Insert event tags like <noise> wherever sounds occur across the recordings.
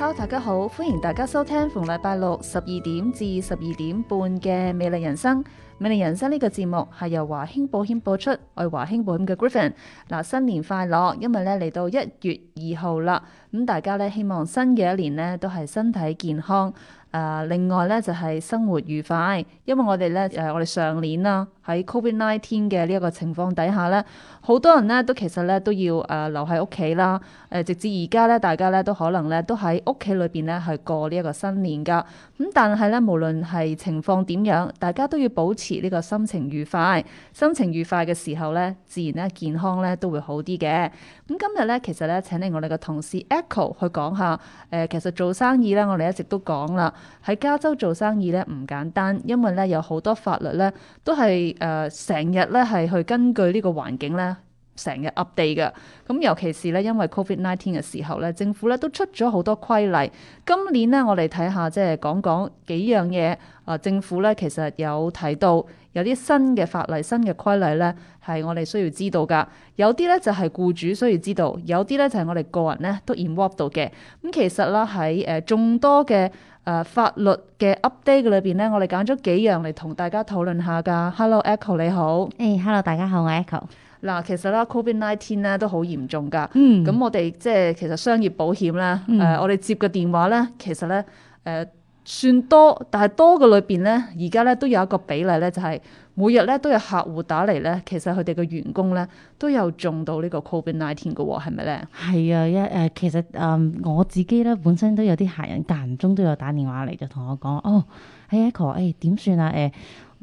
Hello, 大家好，歡迎大家收聽逢禮拜六十二點至十二點半嘅美麗人生。美麗人生呢個節目係由華興保險播出，我係華興保險嘅 Griffin。嗱、啊，新年快樂！因為咧嚟到一月二號啦，咁、嗯、大家咧希望新嘅一年咧都係身體健康。誒、呃，另外咧就係、是、生活愉快。因為我哋咧誒，我哋上年啦喺 COVID-19 嘅呢一個情況底下咧，好多人咧都其實咧都要誒、呃、留喺屋企啦。誒、呃，直至而家咧，大家咧都可能咧都喺屋企裏邊咧係過呢一個新年噶。咁、嗯、但係咧，無論係情況點樣，大家都要保持。呢個心情愉快，心情愉快嘅時候呢，自然呢，健康呢都會好啲嘅。咁今日呢，其實呢，請嚟我哋個同事 Echo 去講下。誒、呃，其實做生意呢，我哋一直都講啦，喺加州做生意呢，唔簡單，因為呢有好多法律呢都係誒成日呢係去根據呢個環境呢成日 update 嘅。咁尤其是呢，因為 COVID-19 嘅時候呢，政府呢都出咗好多規例。今年呢，我哋睇下即係講講幾樣嘢。啊，政府咧其實有提到有啲新嘅法例、新嘅規例咧，係我哋需要知道噶。有啲咧就係、是、僱主需要知道，有啲咧就係、是、我哋個人咧都要 update 到嘅。咁、嗯、其實啦，喺誒眾多嘅誒、呃、法律嘅 update 裏邊咧，我哋揀咗幾樣嚟同大家討論下噶。Hello Echo 你好，誒、hey, Hello 大家好，我 Echo。嗱、啊、其實啦，Covid nineteen 咧都好嚴重噶、嗯嗯嗯。嗯，咁我哋即係其實商業保險啦，誒我哋接嘅電話咧，其實咧誒，算多，但係多嘅裏邊咧，而家咧都有一個比例咧，就係、係、每日咧都有客戶打嚟咧，其實佢哋嘅員工咧都有中到個19、哦、是是呢個 Covid nineteen 嘅喎，係咪咧？係啊，一、呃、誒，其實誒、呃、我自己咧本身都有啲客人間中都有打電話嚟，就同我講，哦，係、hey 欸、啊，佢話誒點算啊，誒。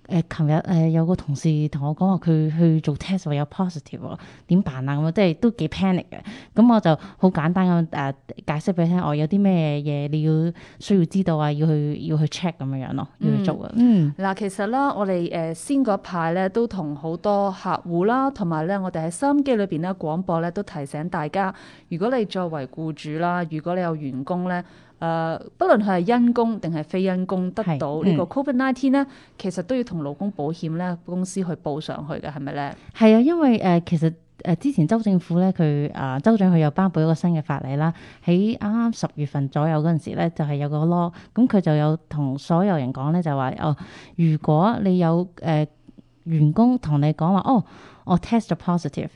誒，琴、呃、日誒、呃、有個同事同我講話，佢去做 test 話有 positive 喎，點辦啊？咁啊，即係都幾 panic 嘅。咁我就好簡單咁誒、呃、解釋俾你聽，我、哦、有啲咩嘢你要需要知道啊，要去要去 check 咁樣樣咯，要去做啊。嗯，嗱、嗯，其實啦，我哋誒先嗰排咧都同好多客戶啦，同埋咧我哋喺收音機裏邊咧廣播咧都提醒大家，如果你作為僱主啦，如果你有員工咧。誒，uh, 不論佢係因公定係非因公得到個 CO 19呢個 Covid Nineteen 咧， <noise> 其實都要同勞工保險咧公司去報上去嘅，係咪咧？係 <noise> 啊，因為誒，其實誒之前州政府咧，佢誒州長佢又頒佈一個新嘅法例啦。喺啱啱十月份左右嗰陣時咧，就係、是、有個 law 咁佢就有同所有人講咧，就話哦，如果你有誒員工同你講話，哦，我 test the positive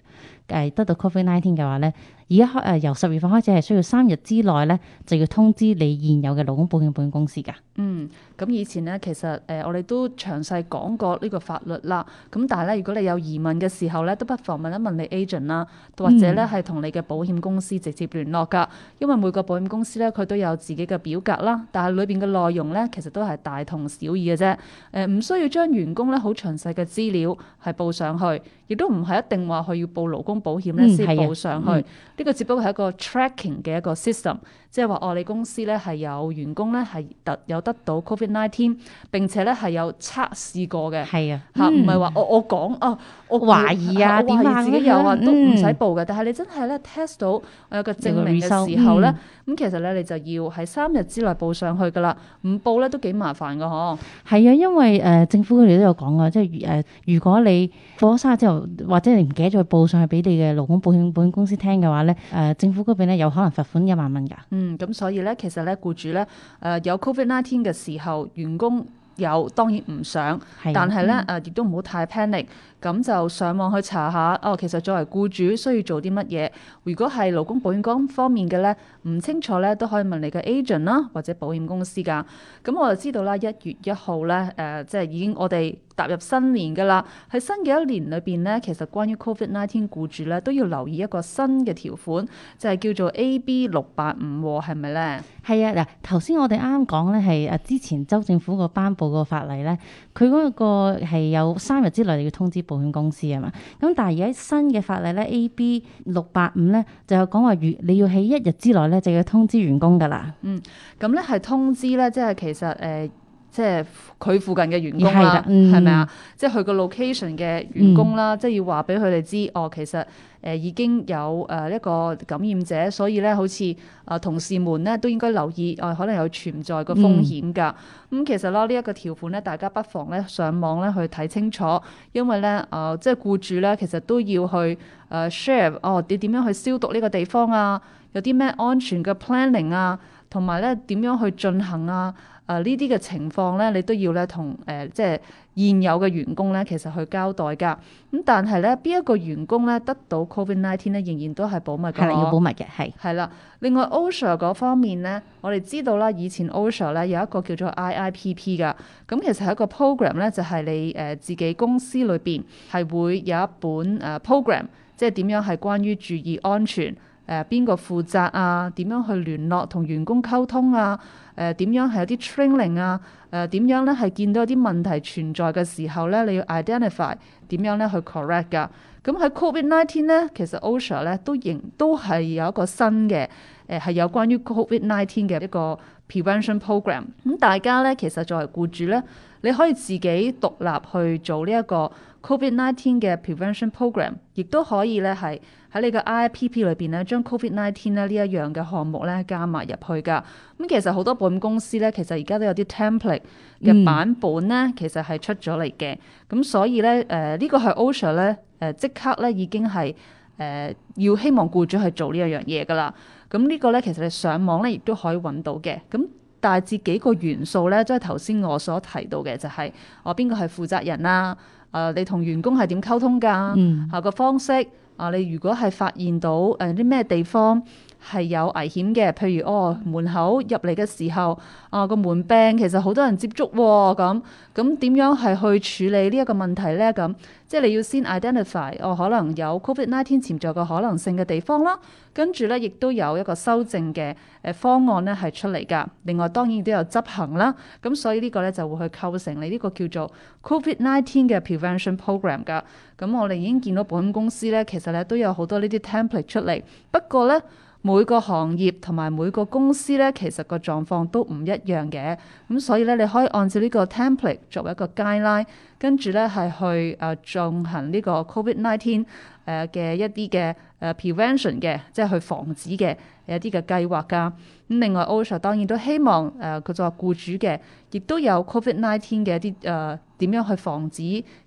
誒得到 Covid Nineteen 嘅話咧。而家、呃、由十月份開始係需要三日之內咧，就要通知你現有嘅勞工保險保險公司㗎。嗯，咁以前咧其實誒、呃、我哋都詳細講過呢個法律啦。咁但係咧，如果你有疑問嘅時候咧，都不妨問一問你 agent 啦，或者咧係同你嘅保險公司直接聯絡㗎。因為每個保險公司咧，佢都有自己嘅表格啦，但係裏邊嘅內容咧，其實都係大同小異嘅啫。誒、呃、唔需要將員工咧好詳細嘅資料係報上去，亦都唔係一定話佢要報勞工保險咧先報上去。嗯呢個只不過係一個 tracking 嘅一個 system，即係話哦，你公司咧係有員工咧係得有得到 COVID 19，並且咧係有測試過嘅。係啊，嚇唔係話我我講、嗯、哦，我，我懷疑啊，啊懷疑自己有啊，都唔使報嘅。但係你真係咧 test 到我有個證明嘅時候咧，咁、嗯、其實咧你就要喺三日之內報上去噶啦，唔報咧都幾麻煩噶嗬。係啊，因為誒、呃、政府佢哋都有講啊，即係誒、呃、如果你過咗三日之後，或者你唔記得再報上去俾你嘅勞工保險保險公司聽嘅話咧，誒，政府嗰邊咧有可能罰款一萬蚊㗎。嗯，咁所以咧，其實咧，僱主咧，誒有 Covid nineteen 嘅時候，員工有當然唔想，但係咧，誒、呃、亦、呃呃呃呃呃、都唔好太 panic。咁就上網去查下，哦，其實作為僱主需要做啲乜嘢？如果係勞工保險嗰方面嘅咧，唔清楚咧都可以問你嘅 agent 啦，或者保險公司噶。咁、嗯、我就知道啦，一月一號咧，誒、呃，即係已經我哋踏入新年噶啦。喺新嘅一年裏邊咧，其實關於 COVID-19 僱主咧都要留意一個新嘅條款，即係叫做 A B 六八五，係咪咧？係啊，嗱，頭先、啊、我哋啱講咧係誒之前州政府個頒布個法例咧，佢嗰個係有三日之內你要通知。保險公司啊嘛，咁但係而家新嘅法例咧，A B 六八五咧，85，就有講話，如你要喺一日之內咧，就要通知員工噶啦。嗯，咁咧係通知咧，即係其實誒。呃即係佢附近嘅員工啦，係咪啊？即係佢個 location 嘅員工啦，嗯、即係要話俾佢哋知哦。其實誒已經有誒一個感染者，所以咧好似啊同事們咧都應該留意哦，可能有存在個風險噶。咁、嗯嗯、其實啦，呢一個條款咧，大家不妨咧上網咧去睇清楚，因為咧啊，即係僱主咧其實都要去誒 share 哦，你點樣去消毒呢個地方啊？有啲咩安全嘅 planning 啊？同埋咧點樣去進行啊？誒呢啲嘅情況咧，你都要咧同誒即係現有嘅員工咧，其實去交代噶。咁但係咧，邊一個員工咧得到 COVID-19 咧，仍然都係保密嘅。係要保密嘅，係。係啦。另外 Osha 嗰方面咧，我哋知道啦，以前 Osha 咧有一個叫做 IIPP 噶。咁、嗯、其實係一個 program 咧，就係、是、你誒自己公司裏邊係會有一本誒 program，即係點樣係關於注意安全。誒邊個負責啊？點樣去聯絡同員工溝通啊？誒、呃、點樣係有啲 training 啊？誒、呃、點樣咧係見到有啲問題存在嘅時候咧，你要 identify 點樣咧去 correct 㗎？咁喺 COVID-19 咧，其實 OSHA 咧都仍都係有一個新嘅。誒係有關於 Covid Nineteen 嘅一個 prevention program。咁大家咧，其實作為僱主咧，你可以自己獨立去做呢一個 Covid Nineteen 嘅 prevention program，亦都可以咧係喺你嘅 IIPP 裏邊咧，將 Covid Nineteen 咧呢一樣嘅項目咧加埋入去㗎。咁其實好多保險公司咧，其實而家都有啲 template 嘅版本咧，其實係、嗯、出咗嚟嘅。咁所以咧，誒、呃這個、呢個係 OSHA 咧，誒、呃、即刻咧已經係誒、呃、要希望僱主去做呢一樣嘢㗎啦。咁呢個咧，其實你上網咧，亦都可以揾到嘅。咁大致幾個元素咧，都係頭先我所提到嘅，就係，啊邊個係負責人呀？啊，呃、你同員工係點溝通㗎、啊？啊個、嗯、方式，啊、呃、你如果係發現到誒啲咩地方？係有危險嘅，譬如哦門口入嚟嘅時候啊個、哦、門柄其實好多人接觸喎、哦，咁咁點樣係去處理呢一個問題呢？咁即係你要先 identify 哦，可能有 covid nineteen 潛在嘅可能性嘅地方啦，跟住呢，亦都有一個修正嘅誒方案呢係出嚟噶。另外當然都有執行啦，咁所以呢個呢，就會去構成你呢、呢個叫做 covid nineteen 嘅 prevention program 噶。咁我哋已經見到保險公司呢，其實呢，都有好多呢啲 template 出嚟，不過呢，每個行業同埋每個公司咧，其實個狀況都唔一樣嘅，咁所以咧，你可以按照呢個 template 作為一個 guideline。跟住咧係去誒進行呢個 Covid nineteen 誒嘅一啲嘅誒 prevention 嘅，即係去防止嘅一啲嘅計劃㗎。咁另外 OSHA 當然都希望誒佢就話僱主嘅，亦都有 Covid nineteen 嘅一啲誒點樣去防止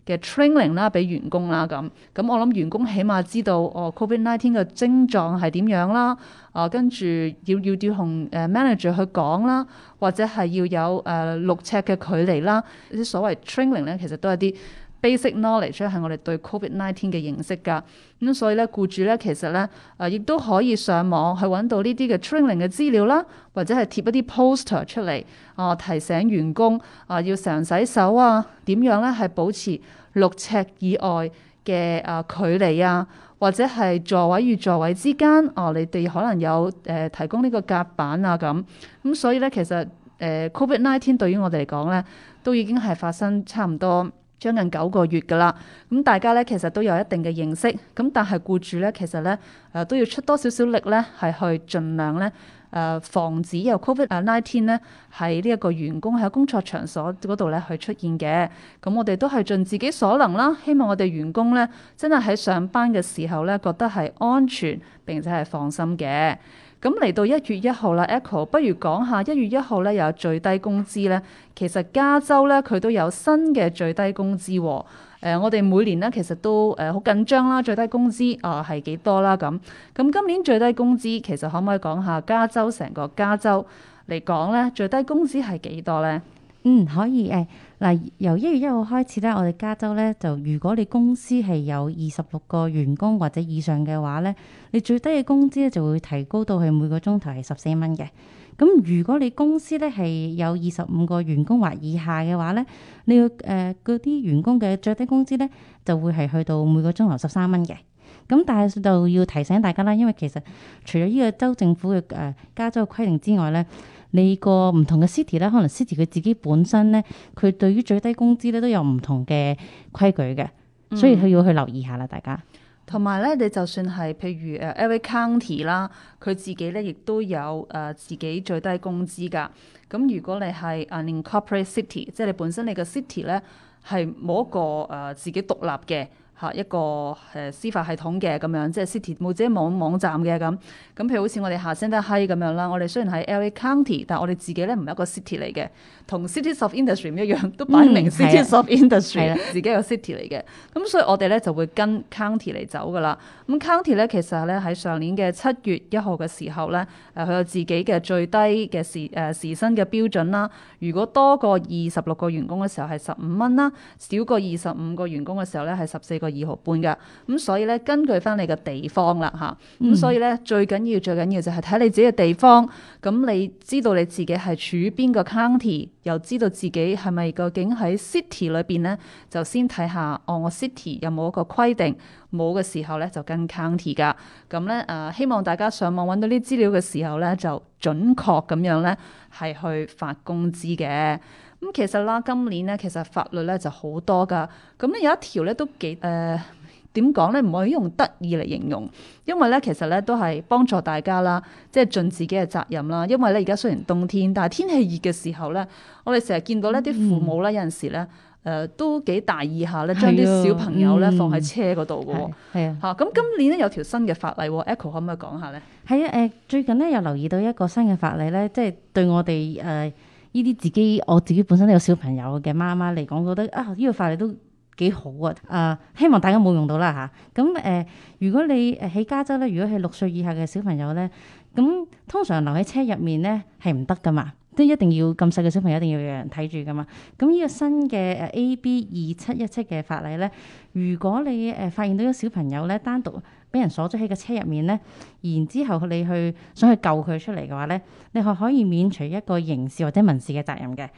嘅 training 啦，俾員工啦咁。咁、嗯、我諗員工起碼知道哦、呃、Covid nineteen 嘅症狀係點樣啦。啊、呃，跟住要要要同誒 manager 去講啦。或者係要有誒、呃、六尺嘅距離啦。呢啲所謂 training 咧，其實都係啲 basic knowledge，係我哋對 COVID nineteen 嘅認識㗎。咁、嗯、所以咧，僱主咧其實咧誒、呃，亦都可以上網去揾到呢啲嘅 training 嘅資料啦，或者係貼一啲 poster 出嚟啊、呃，提醒員工啊、呃，要常洗手啊，點樣咧係保持六尺以外嘅誒、呃、距離啊。或者係座位與座位之間，哦，你哋可能有誒、呃、提供呢個夾板啊咁，咁、嗯、所以咧，其實誒、呃、Covid nineteen 對於我哋嚟講咧，都已經係發生差唔多將近九個月㗎啦。咁、嗯、大家咧其實都有一定嘅認識，咁、嗯、但係僱主咧其實咧誒、呃、都要出多少少力咧，係去盡量咧。誒、uh, 防止由 Covid nineteen 呢喺呢一個員工喺工作場所嗰度呢去出現嘅，咁我哋都係盡自己所能啦，希望我哋員工呢真係喺上班嘅時候呢覺得係安全並且係放心嘅。咁嚟到一月一號啦，Echo 不如講下一月一號呢有最低工資呢。其實加州呢，佢都有新嘅最低工資喎、哦。誒、呃，我哋每年咧其實都誒好、呃、緊張啦，最低工資啊係幾多啦？咁咁今年最低工資其實可唔可以講下加州成個加州嚟講咧最低工資係幾多咧？嗯，可以誒嗱、呃，由一月一號開始咧，我哋加州咧就如果你公司係有二十六個員工或者以上嘅話咧，你最低嘅工資咧就會提高到係每個鐘頭係十四蚊嘅。咁如果你公司咧係有二十五個員工或以下嘅話咧，你要誒嗰啲員工嘅最低工資咧就會係去到每個鐘頭十三蚊嘅。咁但係就要提醒大家啦，因為其實除咗依個州政府嘅誒加州嘅規定之外咧，你個唔同嘅 city 咧，可能 city 佢自己本身咧，佢對於最低工資咧都有唔同嘅規矩嘅，所以佢要去留意下啦，大家。同埋咧，你就算係譬如誒 LA County 啦，佢自己咧亦都有誒、呃、自己最低工資噶。咁、嗯、如果你係 unincorporate city，即係你本身你個 city 咧係冇一個誒、呃、自己獨立嘅。一個誒司法系統嘅咁樣，即係 city 冇自己網網站嘅咁。咁譬如好似我哋 Hacienda Heights 咁樣啦。我哋雖然喺 LA County，但係我哋自己咧唔係一個 city 嚟嘅，同 City of Industry 唔一樣，都擺明 City of Industry S、嗯、 <laughs> 的 自己個 city 嚟嘅。咁所以我哋咧就會跟 County 嚟走㗎啦。咁 County 咧其實咧喺上年嘅七月一號嘅時候咧，誒佢有自己嘅最低嘅時誒、呃、時薪嘅標準啦。如果多過二十六個員工嘅時候係十五蚊啦，少過二十五個員工嘅時候咧係十四個。二號半噶，咁所以咧，根據翻你嘅地方啦，吓，咁所以咧，最緊要最緊要就係睇你自己嘅地方，咁你知道你自己係處於邊個 county，又知道自己係咪究竟喺 city 裏邊咧，就先睇下，哦，我 city 有冇一個規定，冇嘅時候咧就跟 county 噶，咁咧誒，希望大家上網揾到啲資料嘅時候咧，就準確咁樣咧係去發工資嘅。咁其實啦，今年咧，其實法律咧就好多㗎。咁咧有一條咧都幾誒點講咧，唔可以用得意嚟形容，因為咧其實咧都係幫助大家啦，即係盡自己嘅責任啦。因為咧而家雖然冬天，但係天氣熱嘅時候咧，我哋成日見到呢啲父母咧有陣時咧誒、嗯呃、都幾大意下咧，將啲小朋友咧放喺車嗰度㗎喎。嗯、啊，嚇！咁今年咧有條新嘅法例，Echo 可唔可以講下咧？係啊，誒、呃、最近咧又留意到一個新嘅法例咧，即係對我哋誒。呃呢啲自己我自己本身都有小朋友嘅媽媽嚟講，覺得啊依、呢個法例都幾好啊！啊，希望大家冇用到啦嚇。咁、啊、誒、嗯呃，如果你誒喺加州咧，如果係六歲以下嘅小朋友咧，咁、嗯、通常留喺車入面咧係唔得噶嘛，都一定要咁細嘅小朋友一定要有人睇住噶嘛。咁、嗯、呢、這個新嘅誒 A B 二七一七嘅法例咧，如果你誒、呃、發現到有小朋友咧單獨，俾人鎖咗喺個車入面咧，然之後你去想去救佢出嚟嘅話咧，你係可,可以免除一個刑事或者民事嘅責任嘅。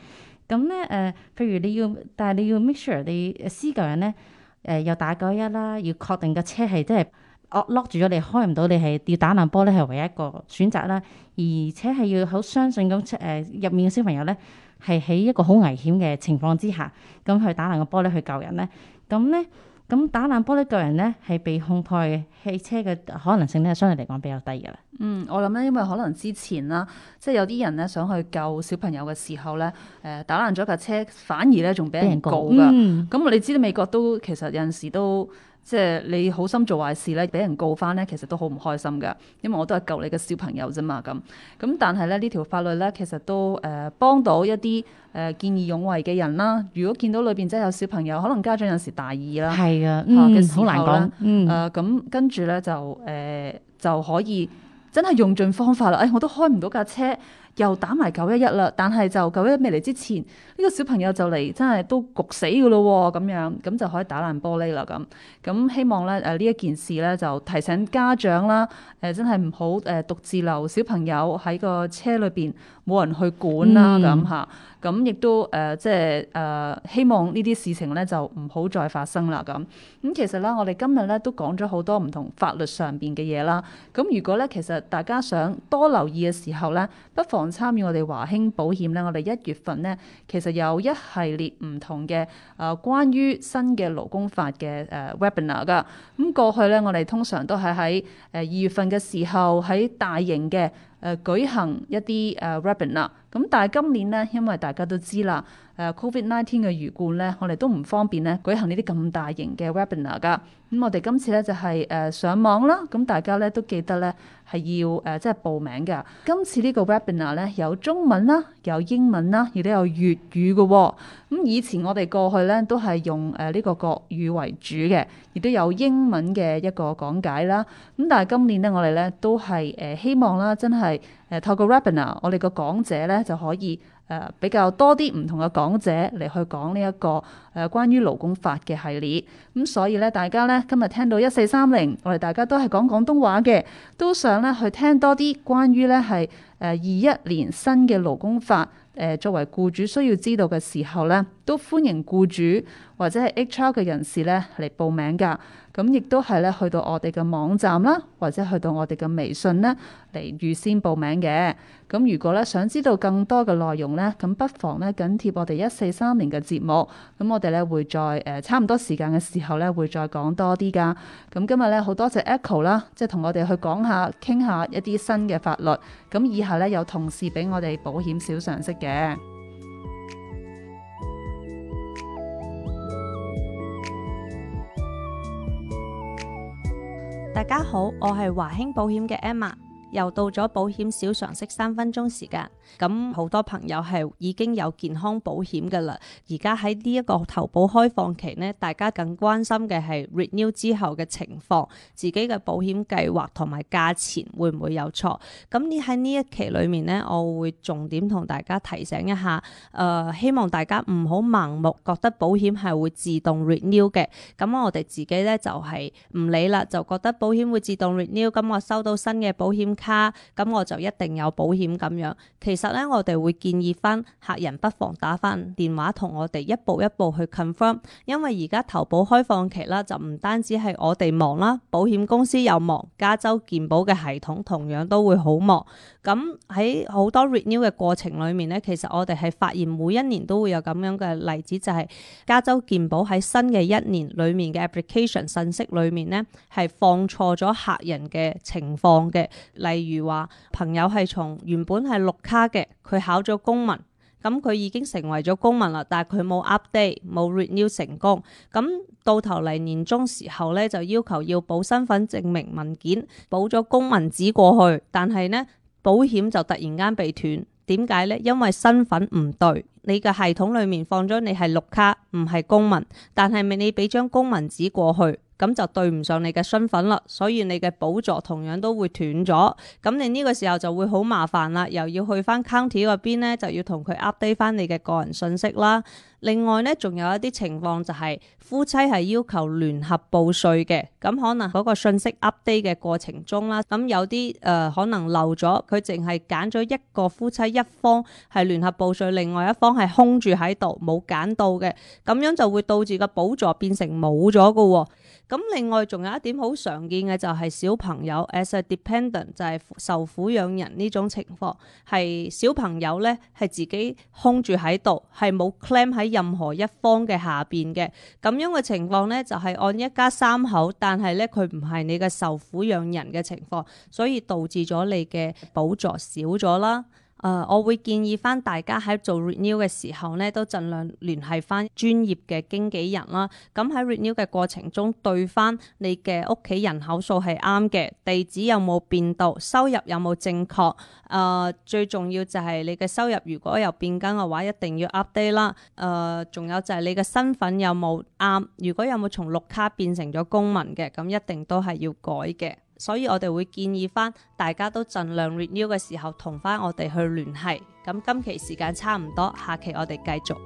咁咧誒，譬、呃、如你要，但係你要 make sure 你施救人咧誒、呃，又打九一啦，1, 要確定個車係即係 lock 住咗，開你開唔到，你係要打爛玻璃係唯一一個選擇啦。而且係要好相信咁誒、呃、入面嘅小朋友咧，係喺一個好危險嘅情況之下，咁去打爛個玻璃去救人咧，咁咧。咁打爛玻璃救人咧，係被控破壞嘅汽車嘅可能性咧，係相對嚟講比較低㗎啦。嗯，我諗咧，因為可能之前啦，即係有啲人咧想去救小朋友嘅時候咧，誒、呃、打爛咗架車，反而咧仲俾人告㗎。咁我哋知道美國都其實有陣時都。嗯嗯即係你好心做壞事咧，俾人告翻咧，其實都好唔開心噶。因為我都係救你嘅小朋友啫嘛，咁咁但係咧呢條法律咧，其實都誒幫、呃、到一啲誒見義勇為嘅人啦。如果見到裏邊真係有小朋友，可能家長有時大意啦，係啊，嘅好難講，嗯，咁跟住咧就誒、呃、就可以真係用盡方法啦。誒、哎，我都開唔到架車。又打埋九一一啦，但係就九一一未嚟之前，呢、這個小朋友就嚟真係都焗死噶咯喎，咁樣咁就可以打爛玻璃啦，咁咁希望咧誒呢、呃、一件事咧就提醒家長啦，誒、呃、真係唔好誒、呃、獨自留小朋友喺個車裏邊冇人去管啦，咁吓、嗯，咁亦都誒、呃、即係誒、呃、希望呢啲事情咧就唔好再發生啦，咁咁、嗯、其實啦，我哋今日咧都講咗好多唔同法律上邊嘅嘢啦，咁如果咧其實大家想多留意嘅時候咧，不妨。參與我哋華興保險呢，我哋一月份呢其實有一系列唔同嘅誒，關於新嘅勞工法嘅誒 webinar 㗎。咁過去呢，我哋通常都係喺誒二月份嘅時候喺大型嘅誒舉行一啲誒 webinar。咁但係今年呢，因為大家都知啦。Uh, COVID Nineteen 嘅餘冠咧，我哋都唔方便咧舉行呢啲咁大型嘅 Webinar 噶。咁、嗯、我哋今次咧就係、是、誒、呃、上網啦。咁、嗯、大家咧都記得咧係要誒即係報名㗎。今次呢個 Webinar 咧有中文啦。有英文啦，亦都有粵語嘅喎、哦。咁以前我哋過去呢都係用誒呢個國語為主嘅，亦都有英文嘅一個講解啦。咁但係今年呢，我哋呢都係誒希望啦，真係誒透過 webinar，我哋個講者呢就可以誒、呃、比較多啲唔同嘅講者嚟去講呢一個誒關於勞工法嘅系列。咁、嗯、所以呢，大家呢今日聽到一四三零，我哋大家都係講廣東話嘅，都想呢去聽多啲關於呢係。誒、呃、二一年新嘅勞工法誒、呃，作為僱主需要知道嘅時候咧，都歡迎僱主或者係 HR 嘅人士咧嚟報名㗎。咁亦都係咧去到我哋嘅網站啦，或者去到我哋嘅微信咧嚟預先報名嘅。咁如果咧想知道更多嘅內容呢，咁不妨呢緊貼我哋一四三年嘅節目。咁我哋呢會在誒、呃、差唔多時間嘅時候呢會再講多啲㗎。咁今日呢，好多謝 Echo 啦，即係同我哋去講下、傾下一啲新嘅法律。咁以下呢，有同事俾我哋保險小常識嘅。大家好，我係華興保險嘅 Emma。又到咗保險小常識三分鐘時間，咁好多朋友係已經有健康保險㗎啦。而家喺呢一個投保開放期呢，大家更關心嘅係 renew 之後嘅情況，自己嘅保險計劃同埋價錢會唔會有錯？咁你喺呢一期裏面呢，我會重點同大家提醒一下。誒、呃，希望大家唔好盲目覺得保險係會自動 renew 嘅。咁我哋自己呢就係唔理啦，就覺得保險會自動 renew。咁我收到新嘅保險。哈，咁、嗯、我就一定有保險咁樣。其實咧，我哋會建議翻客人不妨打翻電話同我哋一步一步去 confirm，因為而家投保開放期啦，就唔單止係我哋忙啦，保險公司又忙，加州健保嘅系統同樣都會好忙。咁喺好多 renew 嘅過程裡面呢，其實我哋係發現每一年都會有咁樣嘅例子，就係、是、加州健保喺新嘅一年裡面嘅 application 信息裡面呢，係放錯咗客人嘅情況嘅例。例如話，朋友係從原本係綠卡嘅，佢考咗公民，咁佢已經成為咗公民啦，但係佢冇 update，冇 renew 成功，咁到頭嚟年終時候呢，就要求要補身份證明文件，補咗公民紙過去，但係呢，保險就突然間被斷，點解呢？因為身份唔對，你嘅系統裡面放咗你係綠卡，唔係公民，但係咪你俾張公民紙過去？咁就對唔上你嘅身份啦，所以你嘅補助同樣都會斷咗。咁你呢個時候就會好麻煩啦，又要去返 county 嗰邊咧，就要同佢 update 翻你嘅個人信息啦。另外咧，仲有一啲情況就係夫妻係要求聯合報稅嘅，咁可能嗰個信息 update 嘅過程中啦，咁有啲誒可能漏咗，佢淨係揀咗一個夫妻一方係聯合報稅，另外一方係空住喺度冇揀到嘅，咁樣就會導致個補助變成冇咗㗎。咁另外仲有一點好常見嘅就係小朋友 as a dependent 就係受撫養人呢種情況，係小朋友咧係自己空住喺度，係冇 claim 喺。任何一方嘅下邊嘅咁樣嘅情況咧，就係按一家三口，但係咧佢唔係你嘅受撫養人嘅情況，所以導致咗你嘅補助少咗啦。誒，uh, 我會建議翻大家喺做 Renew 嘅時候呢，都儘量聯繫翻專業嘅經紀人啦。咁、嗯、喺 Renew 嘅過程中，對翻你嘅屋企人口數係啱嘅，地址有冇變到，收入有冇正確。誒、呃，最重要就係你嘅收入如果有變更嘅話，一定要 update 啦。誒、呃，仲有就係你嘅身份有冇啱？如果有冇從綠卡變成咗公民嘅，咁、嗯、一定都係要改嘅。所以我哋會建議翻，大家都儘量 renew 嘅時候同翻我哋去聯繫。咁今期時間差唔多，下期我哋繼續。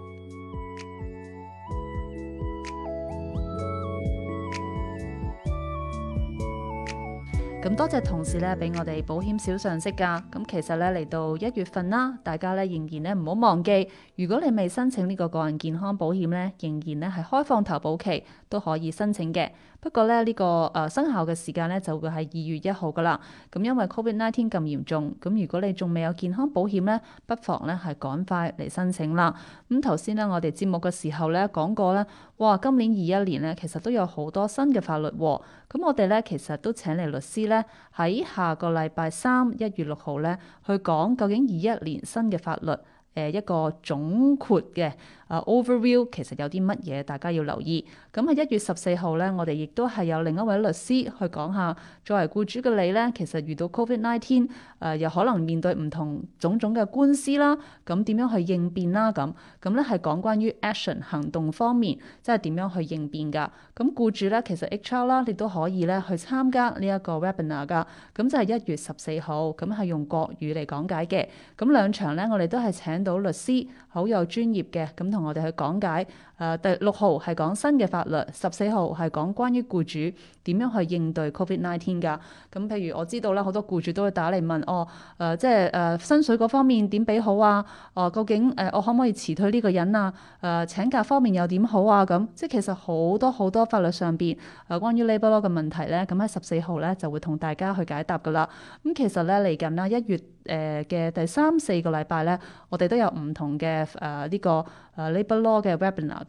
咁多謝同事咧，俾我哋保險小常識噶。咁其實咧，嚟到一月份啦，大家咧仍然咧唔好忘記，如果你未申請呢個個人健康保險咧，仍然咧係開放投保期，都可以申請嘅。不過咧，呢、這個誒、呃、生效嘅時間咧就會係二月一號㗎喇。咁、嗯、因為 Covid nineteen 咁嚴重，咁、嗯、如果你仲未有健康保險咧，不妨咧係趕快嚟申請啦。咁頭先咧，我哋節目嘅時候咧講過咧，哇，今年二一年咧其實都有好多新嘅法律喎、啊。咁、嗯、我哋咧其實都請嚟律師咧喺下個禮拜三一月六號咧去講究竟二一年新嘅法律誒、呃、一個總括嘅。啊，Overview 其實有啲乜嘢大家要留意，咁喺一月十四號咧，我哋亦都係有另一位律師去講下，作為僱主嘅你咧，其實遇到 COVID-19，誒、呃、又可能面對唔同種種嘅官司啦，咁點樣去應變啦？咁咁咧係講關於 action 行動方面，即係點樣去應變㗎？咁僱主咧其實 HR 啦，你都可以咧去參加呢一個 webinar 㗎，咁就係一月十四號，咁係用國語嚟講解嘅，咁兩場咧我哋都係請到律師，好有專業嘅，咁。同我哋去講解。誒第六號係講新嘅法律，十四號係講關於僱主點樣去應對 Covid Nineteen 㗎。咁譬、嗯、如我知道啦，好多僱主都會打嚟問哦，誒、呃、即係誒薪水嗰方面點俾好啊？哦、呃，究竟誒、呃、我可唔可以辭退呢個人啊？誒、呃、請假方面又點好啊？咁、嗯、即係其實好多好多法律上邊誒、啊、關於 Labor Law 嘅問題咧，咁、嗯、喺十四號咧就會同大家去解答㗎啦。咁、嗯、其實咧嚟緊啦一月誒嘅、呃、第三四個禮拜咧，我哋都有唔同嘅誒呢個誒 Labor Law 嘅 Webinar。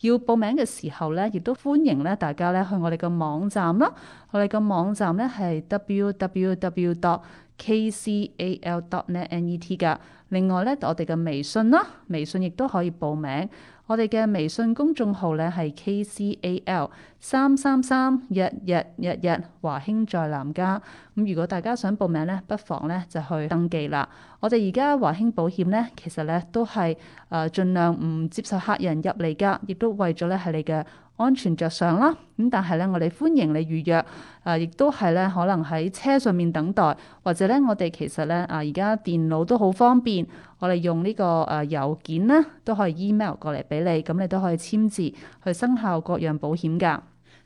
要報名嘅時候咧，亦都歡迎咧大家咧去我哋嘅網站啦。我哋嘅網站咧係 w w w dot k c a l dot n e t。另外咧，我哋嘅微信啦，微信亦都可以報名。我哋嘅微信公眾號咧係 KCAL 三三三一一一一華興在南家，咁如果大家想報名咧，不妨咧就去登記啦。我哋而家華興保險咧，其實咧都係誒、呃、盡量唔接受客人入嚟㗎，亦都為咗咧係你嘅。安全着想啦，咁但係咧，我哋歡迎你預約，誒、啊，亦都係咧，可能喺車上面等待，或者咧，我哋其實咧啊，而家電腦都好方便，我哋用、這個啊、郵呢個誒郵件咧都可以 email 過嚟俾你，咁你都可以簽字去生效各樣保險㗎。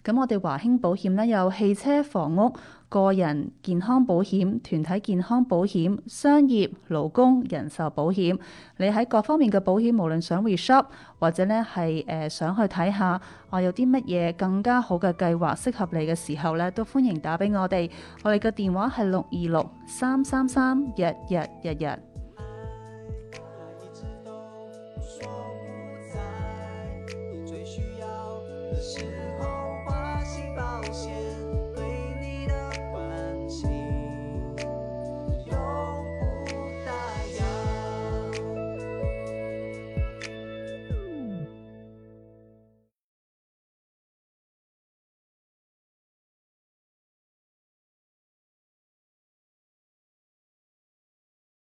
咁我哋華興保險咧有汽車、房屋、個人健康保險、團體健康保險、商業、勞工、人壽保險。你喺各方面嘅保險，無論想 re shop 或者咧係誒想去睇下我有啲乜嘢更加好嘅計劃適合你嘅時候咧，都歡迎打俾我哋。我哋嘅電話係六二六三三三一一一一。